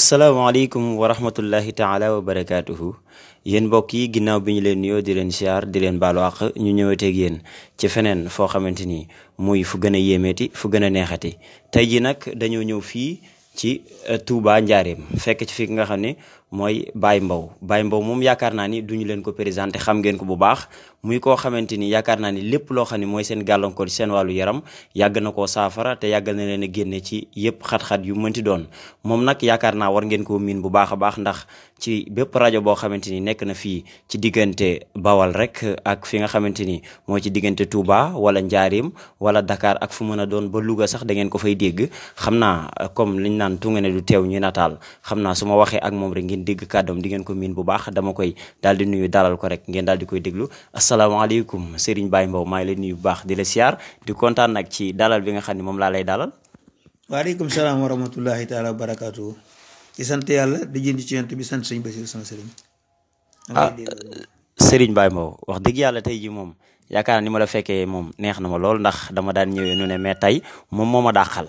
asalaamaaleykum wa rahmatullahi taala wa barakaatuhu yéen mbokk yi ginnaaw bi ñu leen nuyoo di leen siyaar di leen baalu àq ñu ñëwateeg yéen ci feneen foo xamante ni muy fu gën a yéemeeti fu gën a neexati tey jii nag dañoo ñëw fii ci eh, Touba Njaareem fekk ci fi nga xam ne mooy Baye Mbow Baye Mbow moom yaakaar naa ni duñu leen ko présenté xam ngeen ko bu baax muy koo xamante ni yaakaar naa ni lépp loo xam ne mooy seen gàllankoor seen wàllu yaram yàgg na koo saafara te yàgg na leen a génne ci yëpp xat-xat yu mënti doon moom nag yaakaar naa war ngeen koo miin bu baax a baax ndax ci bépp rajo boo xamante ni nekk na fii ci diggante Bawal rek ak fi nga xamante ni moo ci diggante Touba wala Njaarim wala Dakar ak fu mën a doon ba Louga sax da ngeen ko fay dégg xam na comme liñ naan tunga ne du teew ñu nataal xam naa su ma waxee ak moom rek ngeen dégg kàddoom di ngeen ko miin bu baax dama koy daal di nuyu dalal ko rek ngeen daal di koy déglu asalaamaaleykum Serigne Baye Mbow maa ngi lay nuyu bu baax di la siyaar di kontaan nag ci dalal bi nga xam ne moom laa lay dalal. waaleykum salaam wa rahmatullahi taala wa sant yàlla di jënd ci yonent bi sant sëñ Basiru sama sëriñ. ah Serigne Baye wax dëgg yàlla tey ji moom. yaakaar ni ma la fekkee moom neex na ma lool ndax dama daan ñëwee nu ne mais tey moom moo ma dàqal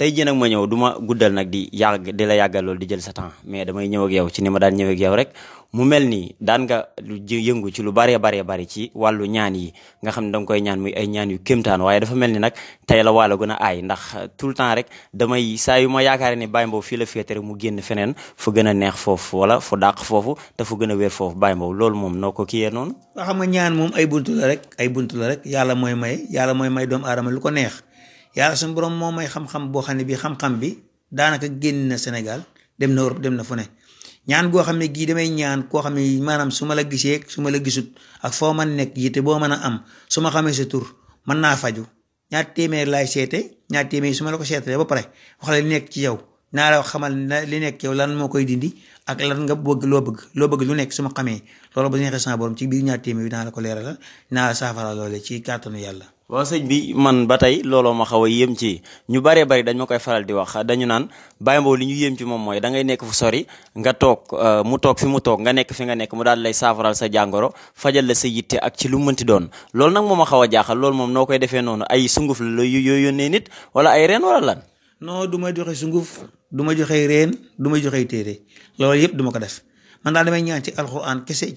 tey jii nag ma ñëw du ma guddal nag di yàgg di la yàggal loolu di jël sa temps mais damay ñëw ak yow ci ni ma daan ñëw ak yow rek mu mel nii daan nga yëngu ci lu baree baree bari ci wàllu ñaan yi nga xam ne danga koy ñaan muy ay ñaan yu kémtaan waaye dafa mel ni nag tey la wàlla gën a aay ndax tout le rek damay saa yu ma yaakaare ne Baye Mbow fii la féete rek mu génn feneen fu a neex foofu wala fu foofu te gën a wér foofu Baye Mbow loolu moom noo ko kiyee noonu xam nga ñaan ay buntu la rek ay buntu la rek yàlla mooy may yàlla mooy may doomu aadama lu ko neex yàlla suñu borom moo may xam-xam boo xam ne bii xam-xam bi daanaka génn na Sénégal dem na Europe dem na fu ne ñaan goo xam ne gii damay ñaan koo xam ne maanaam su ma la gisee su la gisut ak foo man nekk yite boo mën a am su ma xamee sa tur mën naa faju ñaar téeméer laay seete ñaar téeméer su ma la ko seetalee ba pare wax la li nekk ci yow naa la xamal li nekk yow lan moo koy dindi ak lan nga bëgg loo bëgg loo bëgg lu nekk su ma xamee loolu ba neexee sama borom ci biir ñaar téeméer bi naa la ko leeralal naa la saafara loole ci kàttanu yàlla. waaw sëñ bi man ba tey looloo ma xaw a yéem ci ñu bare bari dañ ma koy faral di wax dañu naan Baye Mbow li ñu yéem ci moom mooy da ngay nekk fu sori nga toog euh, mu toog fi mu toog nga nekk fi nga nekk mu daal lay saafaral sa jàngoro fajal la sa yitte ak ci lu mënti doon loolu nag moom a xaw a jaaxal loolu moom noo koy defee noonu ay sunguf la yooyu yónnee nit wala ay reen wala lan. noo du ma joxe sunguf du ma joxe reen du ma joxe téere loolu yëpp duma ko def man daal damay ñaan ci alxuraan kese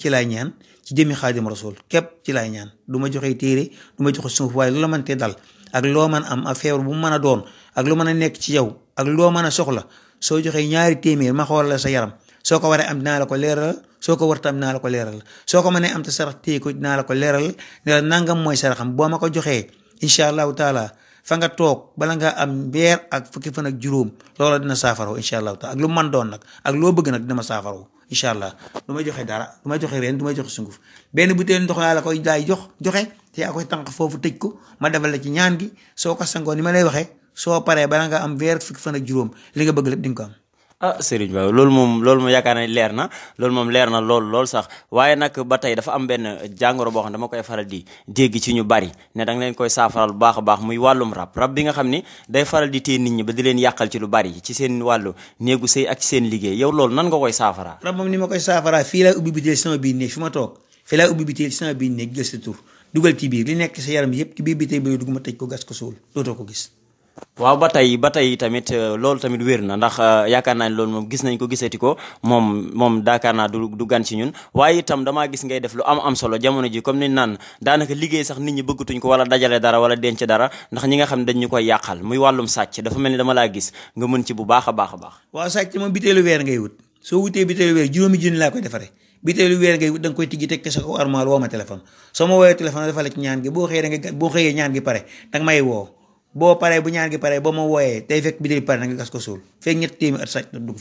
ci jëmi xaadim rasul képp ci lay ñaan du ma joxe téere du ma joxe sunguf waaye loola mën te dal ak loo man am ak feebar bu mu mën a doon ak lu mën a nekk ci yow ak loo mën a soxla soo joxee ñaari téeméer ma xool sa yaram soo ko waree am dinaa la ko leeral soo ko warta am la ko leeral soo ko mënee am te sarax ko dinaa la ko leeral nangam mooy saraxam boo ma ko joxee incha allahu taala fa nga toog bala ngaa am weer ak fukki fan ak juróom loola dina saafaroo incha allahu taala ak lu man doon nag ak loo bëgg nag dina ma saafaroo incha allah du ma joxe dara du ma joxe reen du ma joxe sunguf benn butéel ndox laa la koy daay jox joxe te yaa koy foofu tëj ko ma defal la ci ñaan gi soo ko sangoo ni ma lay waxee soo paree bala nga am weer fukki fan ak juróom li nga bëgg lépp di am ah Serigne Ba loolu moom loolu moom yaakaar na leer na loolu moom leer na lool sax waaye nag ba tey dafa am benn jàngoro boo xam ne dama koy faral di dégg ci ñu bari ne danga nga koy saafaral bu baax a baax muy wàllum rab rab bi nga day faral di téye ñi ba di leen yàqal ci lu bari ci seen wàllu néegu sëy ak seen liggéey yow loolu nan nga koy saafaraa. rab moom ni ma koy saafaraa fii laa ubbi biteel sama biir néeg fi ma toog fii laa ubbi biteel sama biir néeg jël sa tur dugal ci biir li nekk sa yaram yëpp bii biir biteel bi dugg ma tëj ko gas ko suul dootoo ko gis waaw ba tey ba tey tamit euh, loolu tamit wér na ndax euh, yaakaar naa ne moom gis nañ ko gisati ko moom moom daakaar naa du du gan ci ñun waaye itam damaa gis ngay def lu am am solo jamono ji comme ni naan daanaka liggéey sax nit ñi bëggatuñ ko wala dajale dara wala denc dara ndax nga xam ne dañ ñu koy yàqal muy wàllum sàcc dafa mel ni dama laa gis nga mën ci bu baax a baax a baax waaw sàcc moom biteelu weer ngay wut soo wutee biteelu weer juróomi junni laa koy defare biteelu weer ngay wut da nga koy tijji teg sa ko armoire woo ma téléphone soo ma woowee téléphone a la ci ñaan gi boo xëyee da boo xëyee ñaan gi pare danga may woo boo paree bu ñaan gi paree boo ma wooyee tey fekk bidéel bi pare na nga gas ko suul fekk ñett téeméer at saj na dugg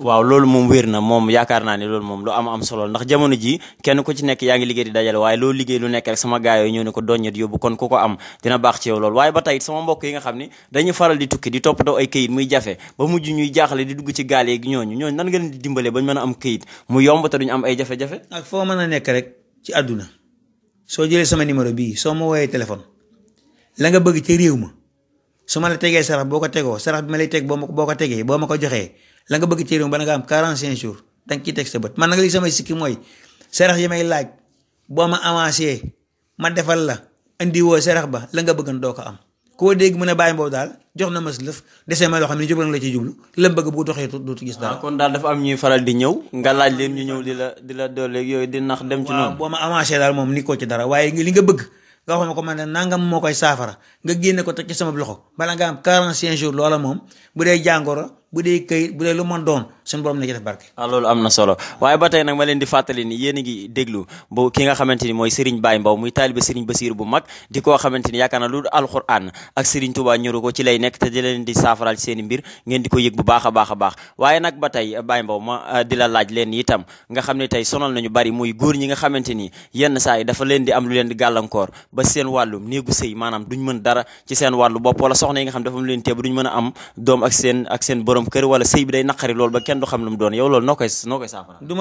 waaw loolu moom wér na moom yaakaar naa ne loolu moom lu am am solo ndax jamono ji kenn ku ci nekk yaa ngi liggéey di dajale waaye loolu liggéey lu nekk rek sama gaayoo ñëw ne ko kon ko am dina baax ci yow loolu ba tey sama mbokk nga xam ne dañuy faral di tukki di toppatoo ay muy jafe ba mujj ñuy jaaxle di ci gaal yeeg ñooñu ñooñu nan nga leen di dimbalee bañ mën a mu yomb te duñu am ay jafe ak foo mën a nekk rek ci àdduna soo jëlee sama numéro bii soo ma wooyee téléphone la nga bëgg ci réew ma su ma la tegee sarax boo ko tegoo sarax bi ma lay teg boo ma boo ko tegee boo ma ko joxee la nga bëgg ci réew ma bala nga am 45 jours da nga sa bët man nag li samay sikki mooy sarax yi may laaj boo ma avancé ma defal la andi woo sarax ba la nga bëgg bëggan doo ko am. koo dégg mu ne bàyyi boobu daal jox na mas lëf dese ma loo xam ne jublu la ci jublu la bëgg bu doxee du gis dara. Ah, kon daal dafa ñuy faral di ñëw nga laaj leen ñu ñëw di la di la dooleeg yooyu di nax dem boo ma avancé daal moom ni ko ci dara waaye li nga bëgg nga wax ma ko man nangam moo koy saafara nga génne ko teg ci sama loxo bala nga am 45 jour loola moom bu dee jàngoro bu dee këyit bu dee lu man doon suñu borom na ah, am na solo waaye ba tey nag ma leen di fàttali ni yéen a ngi déglu bu ki nga xamante ni mooy Serigne Baye Mbaw muy taaliba Serigne Basiir bu mag di koo xamante ni yaakaar na lu alxuraan ak Serigne Touba ko ci lay nekk te di leen di saafaral seen mbir ngeen di ko yëg bu baax a baax a baax waaye nag ba tey Baye Mbaw ma ah, la laaj leen itam nga xam ne tey sonal nañu bari muy góor ñi nga xamante ni yenn saa yi dafa leen di am lu leen di gàllankoor ba seen wàllum néegu sëy maanaam duñ mën dara ci seen wàllu bopp wala soxna yi nga xam dafa mu leen teeb duñ mën a am doom ak seen kër wala sëy bi day naqari lool ba kenn du xam lu mu doon yow loolu noo koy noo koy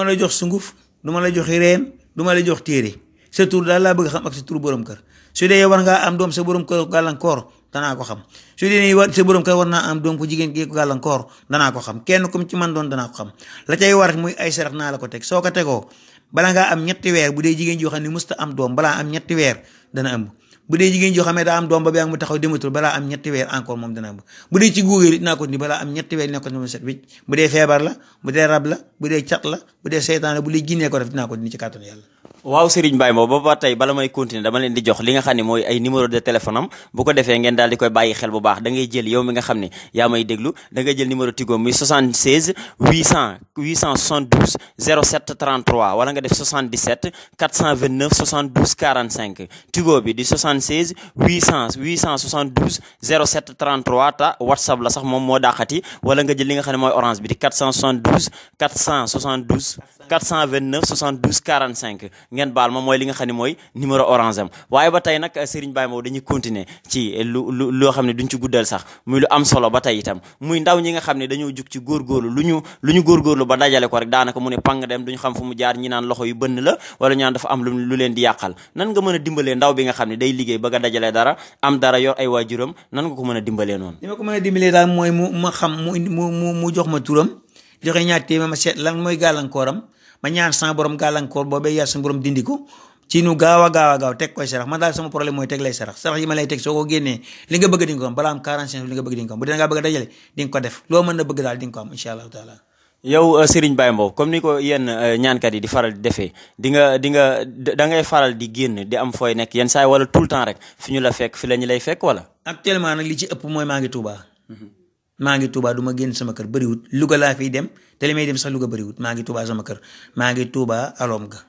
la jox sunguf du ma la jox reen du ma la jox téere sa tur daal laa bëgg xam ak sa tur borom kër su dee war ngaa am doom sa borom kër gàllankoor danaa ko xam su dee war sa borom kër war naa am doom ko jigéen gi ko gàllankoor danaa ko xam kenn kum ci man doon danaa ko xam la cay war muy ay sarax naa la ko teg soo ko tegoo bala ngaa am ñetti weer bu dee jigéen joo xam ne musta am doom balaa am ñetti weer dana ëmb bu dee jigéen joo xam ne daa am doom ba bee mu taxaw dematul balaa am ñetti weer encore moom dana am bu dee ci góor dinaa ko ni balaa am ñetti weer nekkoon moom set wicc bu dee feebar la bu dee rab la bu dee cat la bu dee seytaan la bu dee jinne ko def dinaa ko ni ci kàttanu yàlla waaw Serigne Mbaye moom ba ba tey bala may continuer dama leen di jox li nga xam ne mooy ay numéro de téléphone am bu ko defee ngeen daal di koy bàyyi xel bu baax da ngay jël yow mi nga xam ne yaa may déglu da ngay jël numéro Tigo muy 76 800 872 07 33 wala nga def 77 429 72 45 Tigo bi di 76 800 872 07 33 ta WhatsApp la sax moom moo daaxati wala nga jël li nga xam ne mooy orange bi di 472 472 429 72 45 ngeen baal ma mooy li nga xam ne mooy numéro orange waaye ba tey nag Serigne Baye Mbow dañuy continuer ci lu lu loo xam ne duñ ci guddal sax muy lu am solo ba tey itam muy ndaw ñi nga xam ne dañoo jug ci góorgóorlu lu ñu lu ñu góorgóorlu ba dajale ko rek daanaka mu ne pang dem duñ xam fu mu jaar ñi naan loxo yu bënn la wala ñu naan dafa am lu leen di yàqal nan nga mën a dimbalee ndaw bi nga xam ne day liggéey ba a dajale dara am dara yor ay waajuram nan nga ko mën a dimbalee noon a dimbalee daal mooy mu ma xam mu mu mu jox ma turam joxe ñaar téeméer ma seet lan mooy gàllankooram ma ñaan sama borom gàllankoor boobee yàlla sama borom dindi ko ci nu gaaw a gaaw a gaaw teg koy sarax man daal sama problème mooy teg lay sarax sarax yi ma lay teg soo ko génnee li nga bëgg di nga ko am balaa ko am bu dee a dajale di nga ko def loo mën ko am incha allahu taala yow euh, Serigne Baye Mbow comme ni ko yenn euh, ñaankat yi di faral di defee di nga di nga da ngay faral di génn di am fooy nekk yenn saa yi wala tout le temps rek fi ñu la fekk fi la ñu lay fekk wala actuellement nag li ci ëpp mooy maa ngi Touba mhm. maa ngi Touba du ma génn sama kër bëriwut Louga laa fiy dem te li may dem sax Louga bëriwut maa ngi Touba sama kër maa ngi Touba alom ga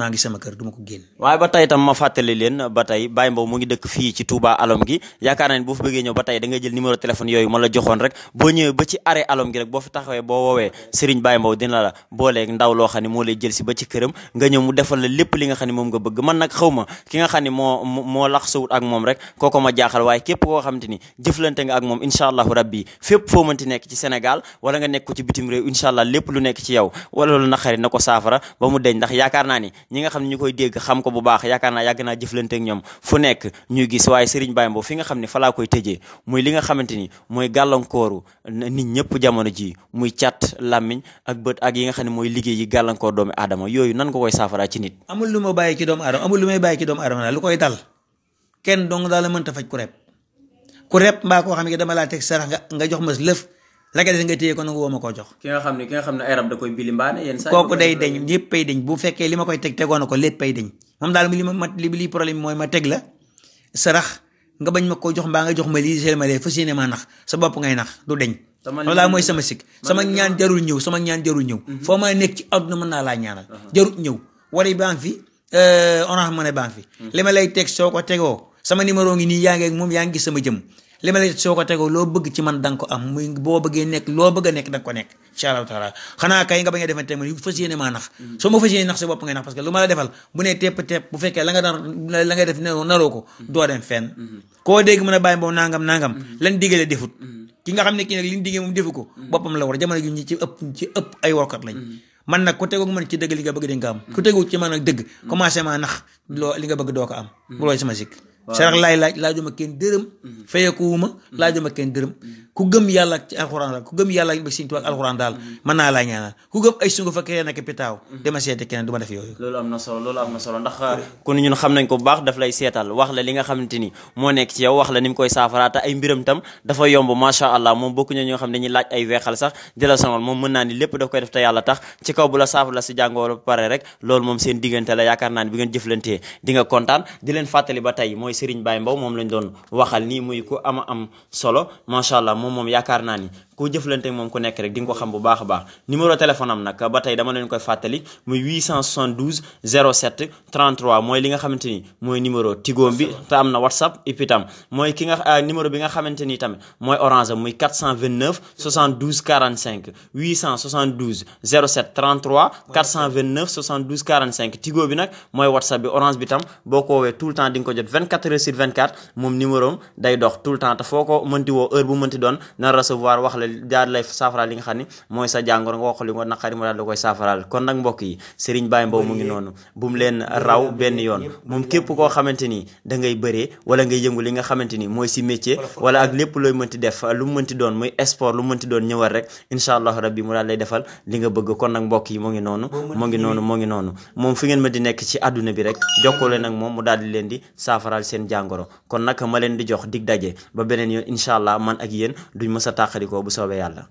maa ngi sama kër duma ko génn waaye ba tey tam ma fàttali leen ba tey Baye Mbow mu ngi dëkk fii ci Touba Alom gi yaakaar naa ne boo fi bëggee ñëw ba tey da ngay jël numéro téléphone yooyu ma la joxoon rek boo ñëwee ba ci arrêt Alom gi fi taxawee boo woowee Serigne Baye Mbow dina la booleeg ndaw loo xam ne moo lay jël si ba ci këram nga ñëw mu defal la lépp li nga xam moom nga bëgg man nag xaw ki nga xam moo lax sawut ak moom rek kooko ma jaaxal waaye képp ko ci bitim réew lu nekk ci yow wala lu naqari na ko saafara ba mu deñ ndax yaakaar ñi nga xam ne ñu koy dégg xam ko bu baax yaakaar na yàgg naa jëflante ñoom fu nekk ñuy gis waaye Serigne Baye Mbow fi nga xam ne fa koy tëjee muy li nga xamante ni mooy gàllankooru nit ñëpp jamono ji muy cat làmmiñ ak bët ak yi nga xam ne mooy liggéey yi gàllankoor doomu aadama yooyu nan nga koy saafara ci nit amul lu ma bàyyi ci doomu aadama amul lu may bàyyi ci doomu aadama naa lu koy dal kenn dong daal la mënta faj ku rep ku rep mbaa koo xam ne dama laa teg sarax nga nga jox mas lëf la nga des nga téye ko nangu woo ma ko jox. ki nga ne ki nga xam ay rab da koy bili mbaane yenn saa kooku day deñ ñëppay deñ bu fekkee li ma koy teg tegoon na ko léppay deñ moom daal li ma ma li problème mooy ma teg la sarax nga bañ ma koo jox mbaa nga jox ma lii ma lee fas yéene maa nax sa bopp ngay nax du deñ loolaa mooy sama sikk sama ñaan jarul ñëw sama ñaan jarul ñëw mhm. foo ma nekk ci àdduna mën naa laa ñaanal uh-huh. jarul ñëw wari baa fi euh, orange mën a baa fi mhm. li ma lay teg soo ko tegoo sama numéro ngi nii yaa ngi moom yaa ngi gis sama jëm li ma lay soo ko tegoo loo bëgg ci man da ko am muy boo bëggee nekk loo bëgg a nekk da ko nekk incha allahu taala xanaa kay nga bañ a defante ma yu nax mm. soo ma fas yéene nax sa bopp ngay nax parce que lu ma la ko mm. doo dem fenn mm-hmm. koo dégg mën a bàyyi nangam nangam mm-hmm. lan digale defut mm-hmm. ki nga xam ne kii nag li ñu diggee ko boppam la war jamono ji ñu ëpp ci ëpp ay warkat lañ man nag ku tegoog man ci dëgg li nga bëgg di nga ci man nag maa nax loo nga bëgg doo ko am bu looy sama sikk sarax laay laaj laajuma kenn dërëm mhm. fayekuwuma mhm. laajuma kenn dërëm mhm. ku gëm yàlla ci alxuraan daal ku gëm yàlla ba alxuraan daal mën naa laa ñaanal ku gëm ay sungu fa keneen ak pitaaw dama am na ko bu baax daf lay seetal wax la li nga xamante ni moo nekk ci yow wax la ni mu koy saafaraata ay mbiram tam dafa yomb macha allah moom bokku ñoo ñoo xam ne dañuy laaj ay weexal sax di la sonal moom mën naa ni lépp daf koy def yàlla tax ci kaw bu la saafara la si jàngoo pare rek loolu moom seen diggante la yaakaar naa ni bi ngeen jëflantee di nga kontaan ba mooy Serigne Baye Mbow moom lañ doon waxal nii mooy ko ama am solo macha allah moom moom yaakaar naa ni koo jëflante moom ku nekk rek di nga ko xam bu baax a baax numéro téléphone nag ba tey dama leen koy fàttali muy 872 07 33 mooy li nga xamante ni mooy numéro tigoom bi te am na whatsapp ipitam mooy ki nga euh, numéro bi nga xamante ni tamit mooy tigo bi nag mooy whatsapp bi orange bi tam boo ko woowee tout temps di ko jot 24 heures sur 24 moom numéro day dox tout temps foo ko mënti woo heure bu mënti doon na recevoir wax la jaar lay saafaraal li nga xam ne mooy sa jàngoro nga wax li nga naqari mu daal la koy saafaraal ni da ngay bëree wala ngay yëngu li nga xamante ni mooy si métier wala ak lépp looy mënti def lu mu mënti doon muy sport lu mu mënti doon ñëwal rek incha allah rabbi mu daal lay defal li nga bëgg kon nag mbokk yi moo ngi noonu moo noonu moo ngi noonu moom fi ngeen ma di nekk ci àdduna bi rek jokkoo leen ak moom mu daal di leen di saafaraal seen jàngoro kon nag ma leen di jox dig daje ba beneen yoon incha allah man ak yéen duñ mës a tàqalikoo bu soobee yàlla